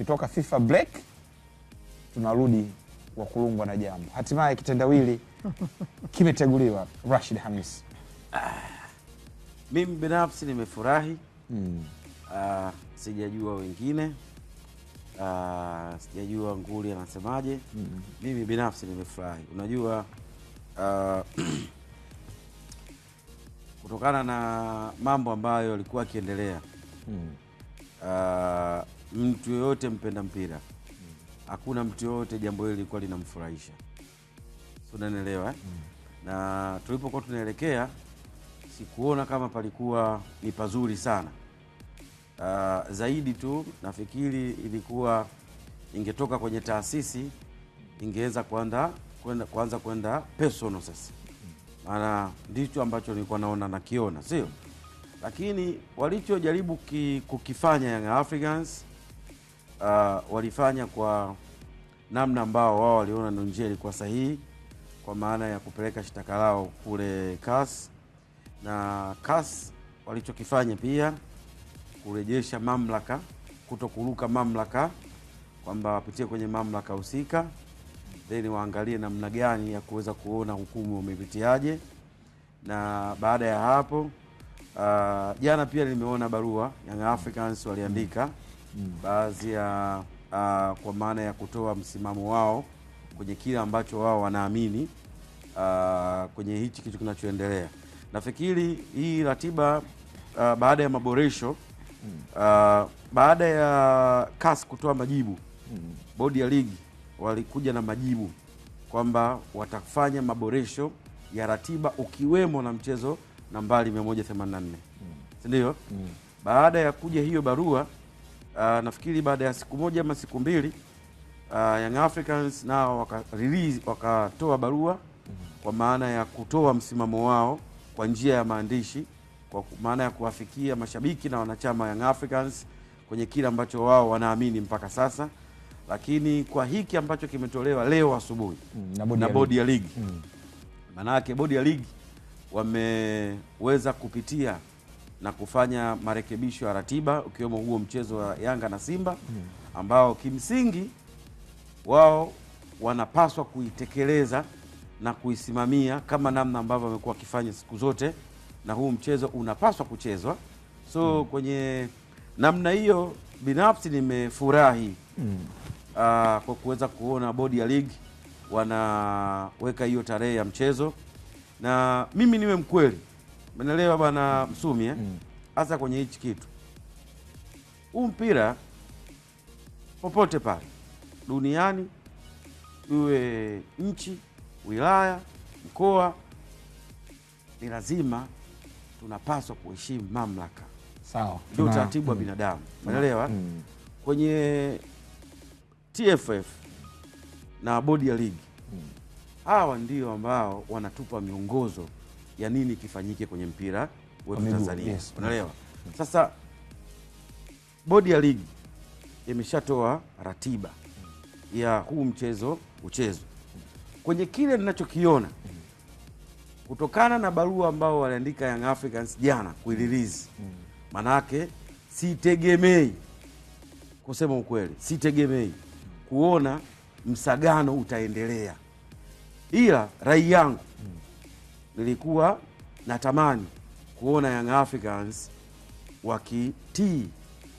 tukitoka FIFA break tunarudi wa kulungwa na jambo. Hatimaye kitendawili kimeteguliwa Rashid Hamis. Ah, mimi binafsi nimefurahi mm. Ah, sijajua wengine ah, sijajua nguli anasemaje mm. Mimi binafsi nimefurahi, unajua ah, kutokana na mambo ambayo yalikuwa akiendelea mm. ah, mtu yoyote mpenda mpira, hakuna mtu yoyote jambo hili lilikuwa linamfurahisha, so eh? Mm. Na tulipokuwa tunaelekea sikuona kama palikuwa ni pazuri sana. Uh, zaidi tu nafikiri ilikuwa ingetoka kwenye taasisi ingeweza kuanza kwenda personal sasa, maana ndicho ambacho nilikuwa naona nakiona, sio lakini walichojaribu kukifanya Young Africans uh, walifanya kwa namna ambao wao waliona ndio njia ilikuwa sahihi kwa maana ya kupeleka shtaka lao kule CAS na CAS walichokifanya pia kurejesha mamlaka, kuto kuruka mamlaka, kwamba wapitie kwenye mamlaka husika, then waangalie namna gani ya kuweza kuona hukumu wamepitiaje. Na baada ya hapo uh, jana pia nimeona barua Young Africans waliandika mm. baadhi ya uh, kwa maana ya kutoa msimamo wao kwenye kile ambacho wao wanaamini uh, kwenye hichi kitu kinachoendelea. Nafikiri hii ratiba uh, baada ya maboresho uh, baada ya CAS kutoa majibu mm. bodi ya ligi walikuja na majibu kwamba watafanya maboresho ya ratiba ukiwemo na mchezo nambari 184 mm. si ndio? mm. Baada ya kuja hiyo barua uh, nafikiri baada ya siku moja ama siku mbili uh, Young Africans nao waka release wakatoa barua kwa maana ya kutoa msimamo wao kwa njia ya maandishi kwa maana ya kuwafikia mashabiki na wanachama Young Africans kwenye kile ambacho wao wanaamini mpaka sasa, lakini kwa hiki ambacho kimetolewa leo asubuhi mm, na bodi ya ligi mm. maanake mm. bodi ya ligi wameweza kupitia na kufanya marekebisho ya ratiba ukiwemo huo mchezo wa Yanga na Simba hmm. ambao kimsingi wao wanapaswa kuitekeleza na kuisimamia kama namna ambavyo wamekuwa wakifanya siku zote, na huu mchezo unapaswa kuchezwa. So mm. kwenye namna hiyo binafsi nimefurahi mm. uh, kwa kuweza kuona bodi ya ligi wanaweka hiyo tarehe ya mchezo, na mimi niwe mkweli Umeelewa bana Msumi eh? Mm. Hasa kwenye hichi kitu, huu mpira popote pale duniani, iwe nchi, wilaya, mkoa, ni lazima tunapaswa kuheshimu mamlaka, sawa? Ndio utaratibu wa mm. binadamu, mm. umeelewa mm. Kwenye TFF na bodi ya ligi mm. hawa ndio ambao wanatupa miongozo ya nini kifanyike kwenye mpira wetu Tanzania. Yes, unaelewa? Sasa bodi ya ligi imeshatoa ratiba ya huu mchezo uchezo Kwenye kile ninachokiona kutokana na barua ambao waliandika Young Africans jana kuililizi, manake sitegemei, kusema ukweli, sitegemei kuona msagano utaendelea, ila rai yangu nilikuwa natamani kuona Young Africans wakitii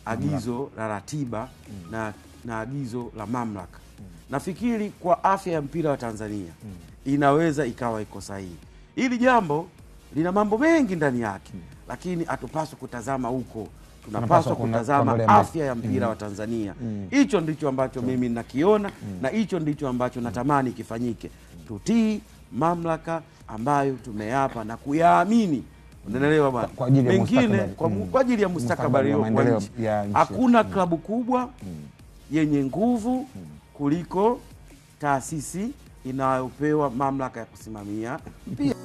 agizo la ratiba mm. na, na agizo la mamlaka mm. Nafikiri kwa afya ya mpira wa Tanzania mm. inaweza ikawa iko sahihi. Hili jambo lina mambo mengi ndani yake mm. lakini hatupaswa kutazama huko, tunapaswa kutazama kuna, afya ya mpira mm. wa Tanzania mm. hicho mm. ndicho ambacho mimi nakiona mm. na hicho ndicho ambacho mm. natamani kifanyike, mm. tutii mamlaka ambayo tumeyapa na kuyaamini, unaelewa bwana, mengine kwa ajili ya mm. mustakabali wa nchi. Hakuna mm. klabu kubwa mm. yenye nguvu kuliko taasisi inayopewa mamlaka ya kusimamia mpira.